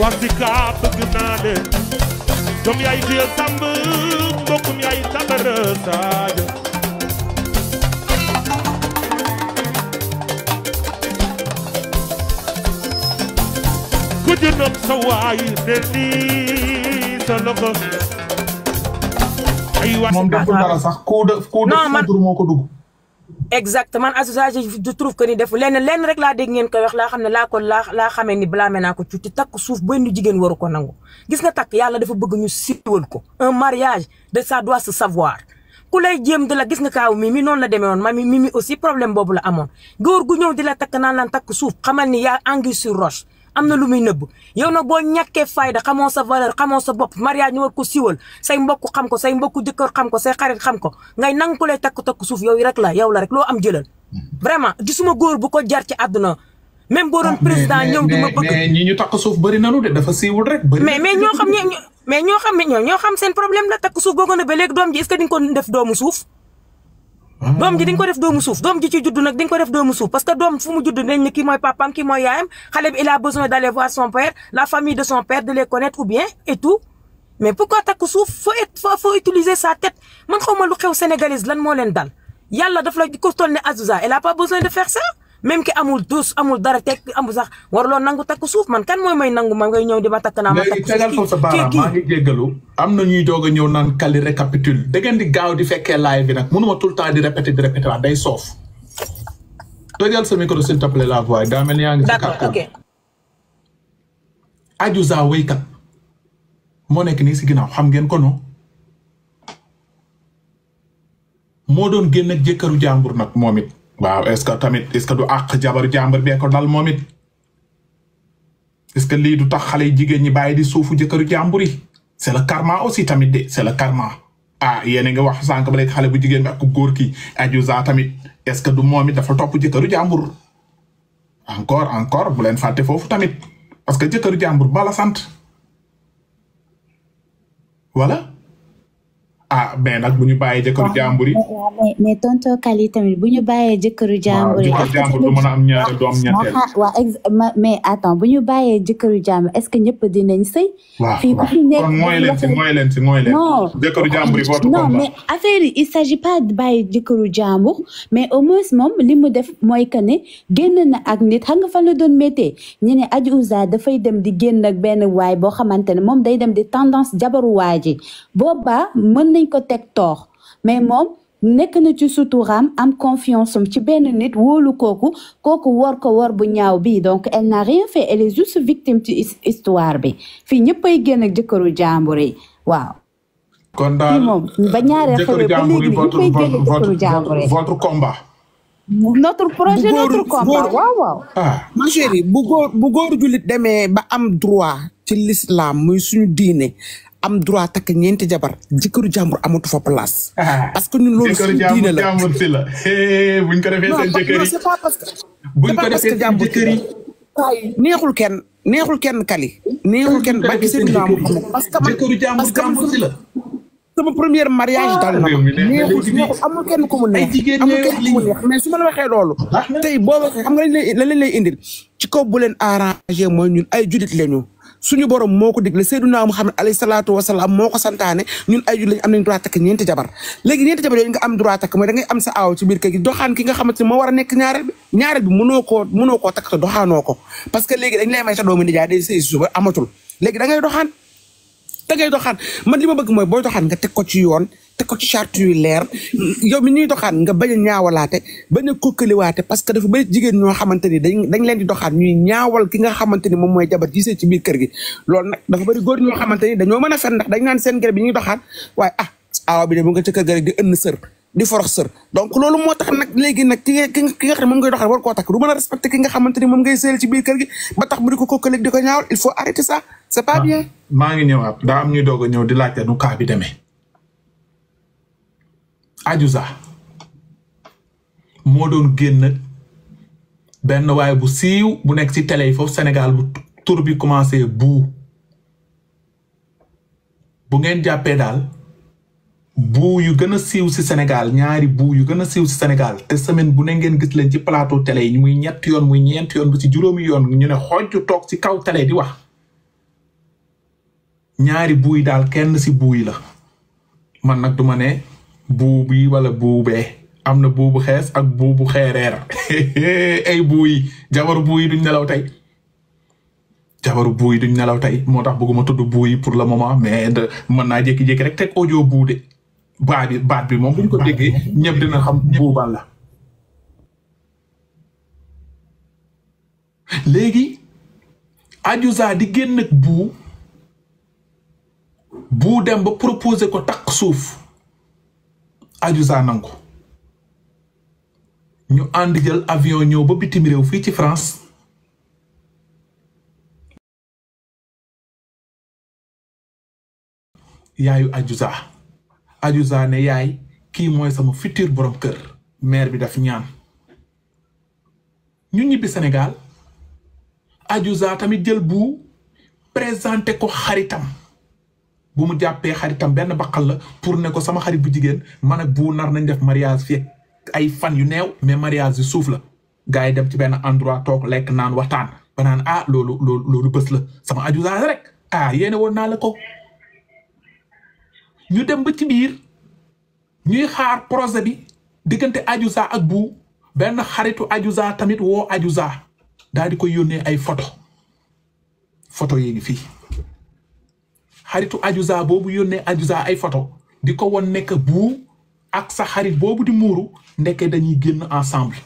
warti kaa bëgg naa leen doom yaay diya samb mbokkum yaay sabara ku jëndoon sa waay del nii moom deful dara sax ku de ku de moo ko dugg exactement association je trouve que ni def lenn rek laa dégg ngeen koy wax laa xam ne laa ko laa laa xamee ni blâmé naa ko tuuti takk suuf benn jigéen waru ko nangu gis na takk yàlla dafa bëgg ñu siiwal ko un mariage de ça doit se savoir ku lay jéem di la gis nga kaaw mi mi noonu la demee woon ma mi mi aussi problème boobu la amoon góor gu ñëw di la takk naan laan takk suuf xamal ni yaa anguille sur am na lu muy nëbb yow na boo ñàkkee fayda xamoo sa valeur xamoo sa bopp mariage ñu war ko siwal say mbokk xam ko say mbokku jëkkër xam ko say xarit xam ko ngay nangu ko lay takk-takk suuf yow rek la yow la rek loo am jëlal vraiment gisuma góor bu ko jar ci àdduna même boo doon ah, président ñëw du ma bëgg mais ñi ñu takk suuf bëri nanu de dafa siiwul rek bëri mais ñoo xam ñoo xam seen problème la takk suuf boo gën a ba léegi doom ji est que di ko def doomu suuf doom ji di ko def doomu suuf doom ji ci judd nag di ko def doomu suuf parce que doom fu mu judd nañ ne kii mooy papaam kii mooy yaayam xale bi il a besoin d' aller son père la famille de son père de les connaître ou bien et tout mais pourquoi takk suuf faut faut faut utiliser sa tête man xaw ma lu xew sénégalaise lan moo leen dal yàlla daf la ko toll ne Azusa elle a pas besoin de faire ça. même ki amul dus amul dara tekk amul sax war waruloo nangu takk suuf man kan mooy may nangu ma ngay ñëw di ma takk naa ma takk tegal sa baaraam maa am na ñuy doog a ñëw naan kali récapitule da ngeen di gaaw di fekkee live bi nag mënuma tout le temps di répété sa micro s'il la voix daa mel yaa ngi si kàttan Adiouza waykat moo nekk nii si ginaaw xam ngeen ko non moo doon génn ak jëkkëru jàmbur nag moom it waaw est que tamit est-ce que du àq jabar jàmbur bee dal moom it que lii du tax xale jigéen ñi bàyyi di suufu jëkkëru jàmbur yi c'est le karma aussi tamit de c'est le karma ah, a yéen nga wax sànq ba léegi xale bu jigéen bi ak góor ki Adiouza tamit est-ce que du moom it dafa topp jëkkëru jàmbur encore encore bu leen fàtte foofu tamit parce que jëkkëru jàmbur bala sant wala ah mais nag bu ñu bàyyee jëkkëru jàmbur yi. mais tamit bu ñu bàyyee jëkkëru jàmbur yi. waaw jëkkëru jàmbur du mën a bu ñu bàyyee jëkkëru jàmbur est-ce que ñëpp dinañ sëy. waaw fii ku fi si mooy si mooy jëkkëru jàmbur mais affaire yi il s'agit pas de bàyyi jëkkëru jàmbur mais au moins moom li mu def mooy que ne génn na ak nit xam nga fan la doon méttee ñu ne Adji Ouza dafay dem di génn ak benn waay boo xamante ne moom day dem di tendance jabaru waay ji boobaa mën nañ ko teg toox mais moom nekk na ci suturaam am confiance ci benn nit woolu kooku kooku wor ko wor bu ñaaw bi donc elle n'a rien fait elle est juste victime ci histoire bi fii ñëpp ay génn ak jëkkëru jàmbur yi waaw. kon ba ñaareel euh, xewee ba léegi votre combat. notre projet notre combat waaw waaw. ah ma chérie jullit demee ba am droit ci l'islam muy suñu diine am droit takk ñeenti jabar jëkkëru jàmbur amatu fa place. Ah. parce que ñun loolu suñu diine la jëkkëru si la buñ ko que. buñ ko defee neexul kenn neexul kenn kali. neexul kenn ba ci seen jàmbur parce que man parce que ah, ma neexul neexul amul kenn ku kenn ku mu mais su ma la waxee loolu. tey boo waxee xam lañ lay lay indil ci kaw bu leen arrangé mooy ñun ay julit lañu. suñu borom moo ko digle Seydunaa Muhammad alayhi salaatu wasalaam moo santaane ñun ay jullit lañ am nañ droit takk ñeenti jabar léegi ñeenti jabar yooyu nga am droit takk mooy da am sa ci biir kër doxaan ki nga xamante moo war a nekk ñaareel bi ñaareel bi mënoo ko mënoo koo takk te doxaanoo ko parce léegi dañ lay may sa doomu nijaay day sëy ngay doxaan da ngay doxaan man li ma bëgg mooy booy doxaan nga teg ko ci yoon teg ko ci leer yow mi ñuy xaan nga bañ a ñaawalaate bañ a kokkaliwaate parce que dafa bëri jigéen ñoo xamante ni dañ dañ leen di doxaan ñuy ñaawal ki nga xamante ni moom mooy jabar ji biir kër gi loolu nag dafa bëri góor ñoo xamante ni dañoo mën a fen ndax dañ naan seen kër bi ñuy doxaan waaye ah aawa bi de loolu moo tax nag léegi nag ki nga ki nga xam ne moom nga xamante ni moom ngay sëyal ci biir kër mu di ko ko ñaawal il faut arrêter ça c'est pas ah, bien ngi ñëwaat daa am ñuy a ñëw di laajte nu bi demee ajuza moo doon génn benn waaye bu siiw bu nekk ci tele yi foofu Sénégal bu tur bi commencé buu bu ngeen jàppee daal buu yu gën a siiw si Sénégal ñaari buu yu gën a siiw si Sénégal te semaine bu ne ngeen gis leen ci palaatu tele yi muy ñett yoon muy ñeent yoon bu ci juróomi yoon ñu ne xojju toog ci kaw télé di wax ñaari buuy daal kenn si buuy la man nag duma ne buu wala buu am na buu xees ak buu bu xeereer ay buu yi jabaru buu yi duñ nelaw tey jabaru buu yi duñ nelaw tey moo tax bëgguma tudd buu yi pour le moment mais de mën naa jékki rek teg audio buu de baat bi baat bi moom buñ ko déggee ñëpp dina xam buu ban la léegi Adiouza di génn ak buu buu dem ba proposer ko takk suuf ajuza nangu ñu ànd jël avion ñëw ba bitim réew fii ci France yaayu ajuza ajuza ne yaay kii mooy sama futur borom kër maire bi daf ñaan ñu ñibbi senegal ajuza tamit jël bu présenté ko xaritam bu mu jàppee xaritam benn baqal la pour ne ko sama xarit bu jigéen man ak bu nar nañ def mariage fii ay fan yu neew mais mariage yu suuf la gars yi dem ci benn endroit toog lekk naan waxtaan ba naan ah loolu loolu loolu la sama aju zaase rek ah yéene woon naa la ko ñu dem ba ci biir ñuy xaar projet bi diggante ajuza ak bu benn xaritu ajuza tamit woo ajuza daal di koy yónnee ay photo photo yi ngi fii xaritu ajuza boobu yónnee ajuza ay photo di ko won nekk buu ak sa xarit boobu di muuru ndekkee dañuy génn ensemble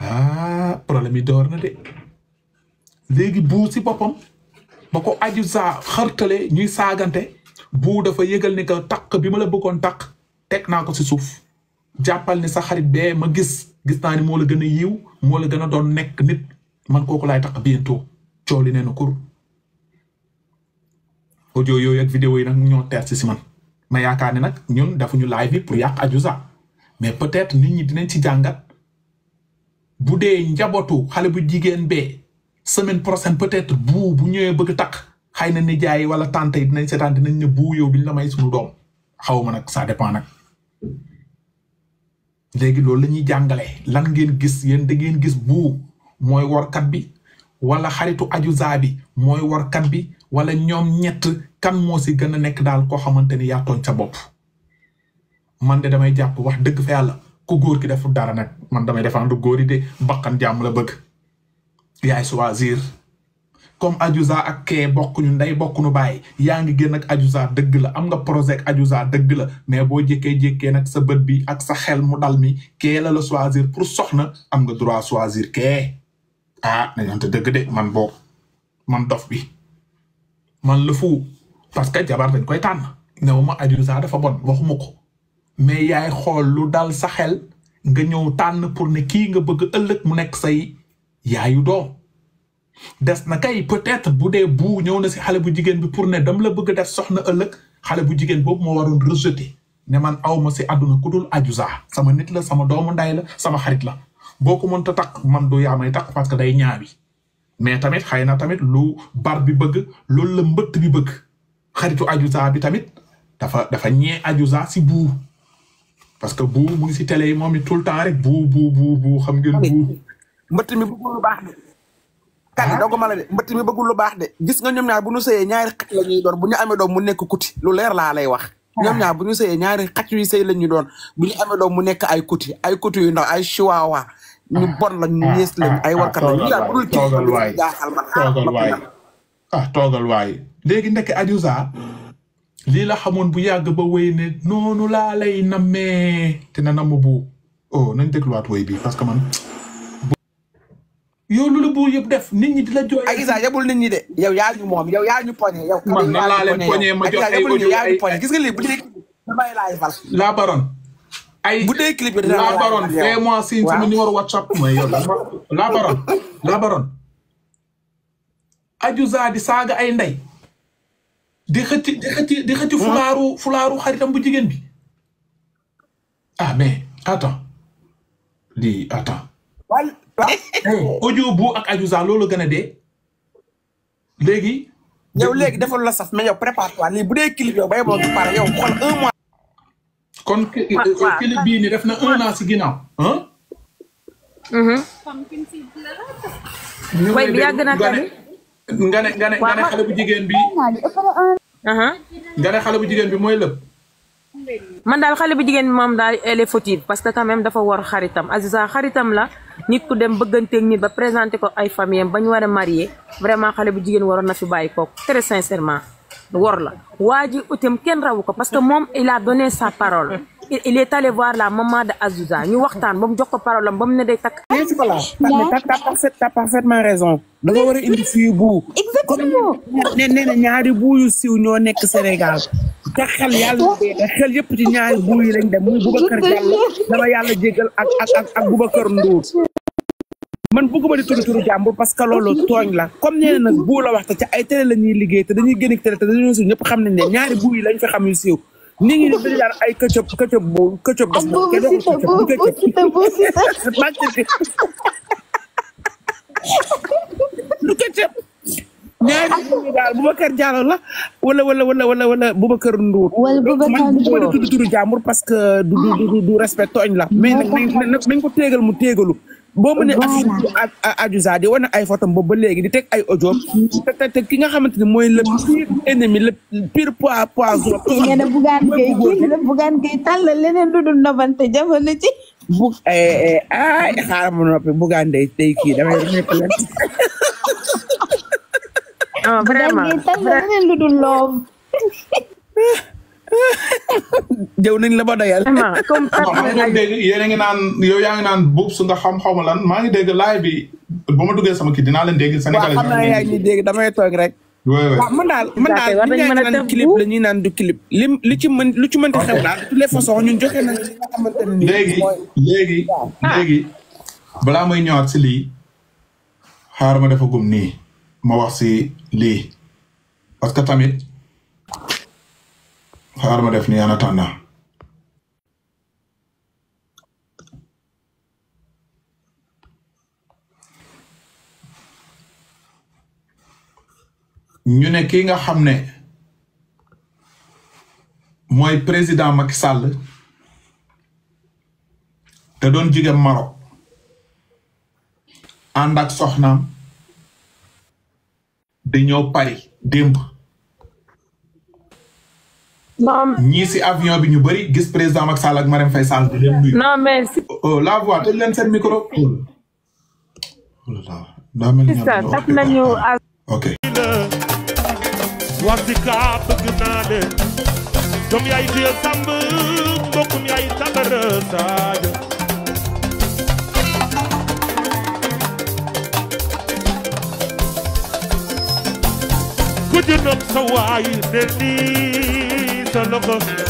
ah problème yi door na de léegi buu si boppam ba ko ajuza xartale ñuy saagante bu dafa yëgal ne que takk bi ma la bëggoon takk teg naa ko si suuf jàppal ne sa xarit bee ma gis gis naa ne moo la gën a yiw moo la gën a doon nekk nit man kooku laay takk bientôt cooli nee na kur audio yooyu ak yi nag ñoo teer si si man ma yaakaar ne nag ñun defuñu live bi pour yàq Adiouza mais peut-être nit ñi dinañ ci jàngat bu dee njabootu xale bu jigéen bee semaine prochaine peut-être bu ñëwee bëgg takk xëy na nijaay yi wala tante yi dinañ seetaan dinañ ne bu yow duñ la may sunu doom xaw ma nag ça dépend nag. léegi loolu la ñuy jàngale lan ngeen gis yéen da ngeen gis buu mooy workat bi wala xaritu Adiouza bi mooy warkat bi. wala ñoom ñett kan moo si gën a nekk daal koo xamante ni yaa sa bopp man de damay jàpp wax dëgg fa yàlla ku góor ki def dara nag man damay défendre góor yi de bakkan jàmm bëgg choisir comme Adiouza ak kee bokkuñu nday bokkuñu bàyyi yaa ngi génn ak Adiouza dëgg la am nga projet ak Adiouza dëgg la mais boo jékkee-jékkee nag sa bët bi ak sa xel mu dal mi kee la la choisir pour soxna am nga droit choisir kee ah nañante dëgg de man boobu man dof bi man la fu parce que jabar dañ koy tànn new ma Adji Sarr dafa bon waxuma ko mais yaay xool lu dal sa xel nga ñëw tànn pour ne kii nga bëgg ëllëg mu nekk say yaayu doom des na kay peut-être bu dee bu ñëw na si xale bu jigéen bi pour ne dam la bëgg def soxna ëllëg xale bu jigéen boobu moo waroon rejeté ne man awma si àdduna ku dul Adji Sarr sama nit la sama doomu nday la sama xarit la boo ko mënta takk man du yaa may takk parce que day ñaawi mais tamit xëy na tamit lu bar bi bëgg loolu la mbëtt bi bëgg xaritu ajuza bi tamit dafa dafa ñee ajuza si buu parce que buu mu ngi si télé yi moom it tout le temps rek buu buu buu buu xam ngeen buu. mbëtt mi bëggul lu baax de. kan ah? mi bëggul lu baax de. gis nga ñoom ñaar bu ñu sëyee ñaari xaj la doon bu ñu amee doom mu nekk kuti lu leer laa lay wax. Ah. ñoom ñaar bu ñu sëyee ñaari xaj yu sëy la ñuy doon bu ñu amee doom mu nekk ay kuti ay kuti yu ndaw ay chihuahua ñu ah. bon lañ ñu ah. yées lañ ay ah. warkat a ñu daal dul toogal waay léegi ndekk Adiouza lii la xamoon bu yàgg ba wéy ne laa lay nammee te na namm bu oh nañ dégluwaat wéy bi parce que man yow lu la buur yëpp def nit ñi di la jooy. ak Isa yabul nit ñi de. yow yaa ñu moom yow yaa ñu poñe yow. man nan laa leen ay audio bu laa baroon. ay bu dee clip bi la baron et moi si sama numéro whatsapp mooy yow la baron la baron saaga ay ndey di xëcc di xëcc hmm? fulaaru xaritam bu jigéen bi ah mais attends lii attends eh, audio bu ak Adiouza loolu gën a dee léegi yow la saf mais yow prépare toi lii bu dee clip yow bay boo pare yow xool un kon kële bii ni def na un an si ginnaaw ah. Mm-hmm. way bi yàgg na tamit. nga ne nga xale bu jigéen bi. Uh-huh. nga ne xale bu jigéen bi mooy lépp. man daal xale bu jigéen bi moom daal elle est fautive parce que quand même dafa war xaritam Aziza xaritam la nit ku dem bëgganteeg nit ba présenté ko ay famille am ba ñu war a marié vraiment xale bu jigéen waroon na fi bàyyi kooku très sincèrement. wor la waa ji itam kenn rawu ko parce que moom il a donné sa parole il est allé voir la maman de Azouza ñu waxtaan ba mu jox ko parole am ba mu ne day takk. t'as parfaitement raison. da nga war a indi fii bu. exactement comme ñaari bu yu siiw ñoo nekk Sénégal. te xel yàlla xel yëpp ci ñaari bu yi lañ dem muy Boubacar Diallo dama yàlla jégal ak ak ak man bëgguma di tudd turu jàmbur parce que loolu tooñ la comme nee na nag bu la wax te ci ay télé la ñuy liggéey te dañuy génn télé te dañoo siiw ñëpp xam nañ ne ñaari bu yi lañ fi xam yu siiw la wala wala wala wala wala Boubacar Ndour. wala Boubacar Ndour man bu ma tudd turu jàmbur parce que du du du respect tooñ la. mais nag nañ ko téegal mu téegalu. boo mënee Adji Sarr di wane ay photos boobu ba léegi di teg ay audio ki nga xamante ni mooy le pire ennemi le pire poids poids. ngeen a bugaan kay la bugaan kay tàllal leneen lu dul nobante jamono ci. bu eh, eh, ay xaaral ma noppi bugaan day day kii damay nekk leen. non vraiment vraiment leneen lu dul loob. jëw nañ la ba doyal. comme a ngi naan yow yaa ngi naan buub su nga xam xaw ma lan maa ngi dégg laay bi ba ma duggee sama kii dinaa leen dégg. Sénégalais waaw xam naa yaa rek. waaw daal man daal ñu naan clip la ñuy naan li ci mën lu ci mënti xew daal de toutes les façons ñun joxe nañ li nga si ah. lii xaar ma dafa gum nii ma wax si lii parce tamit xaar def nii en attendant ñu ne ki nga xam ne mooy président Macky Sall te doon jóge Maroc ànd ak soxnaam di ñëw Paris démb. non si avion bi ñu bëri gis président Macky Sall ak Marème Faye Sall di leen nuyu. non la voix tëj leen seen micro. ok. wasika bëgg naa leen doom yaay téye sàmb mbokkum yaay sabara saaja ku jëndoon sa waay ne nii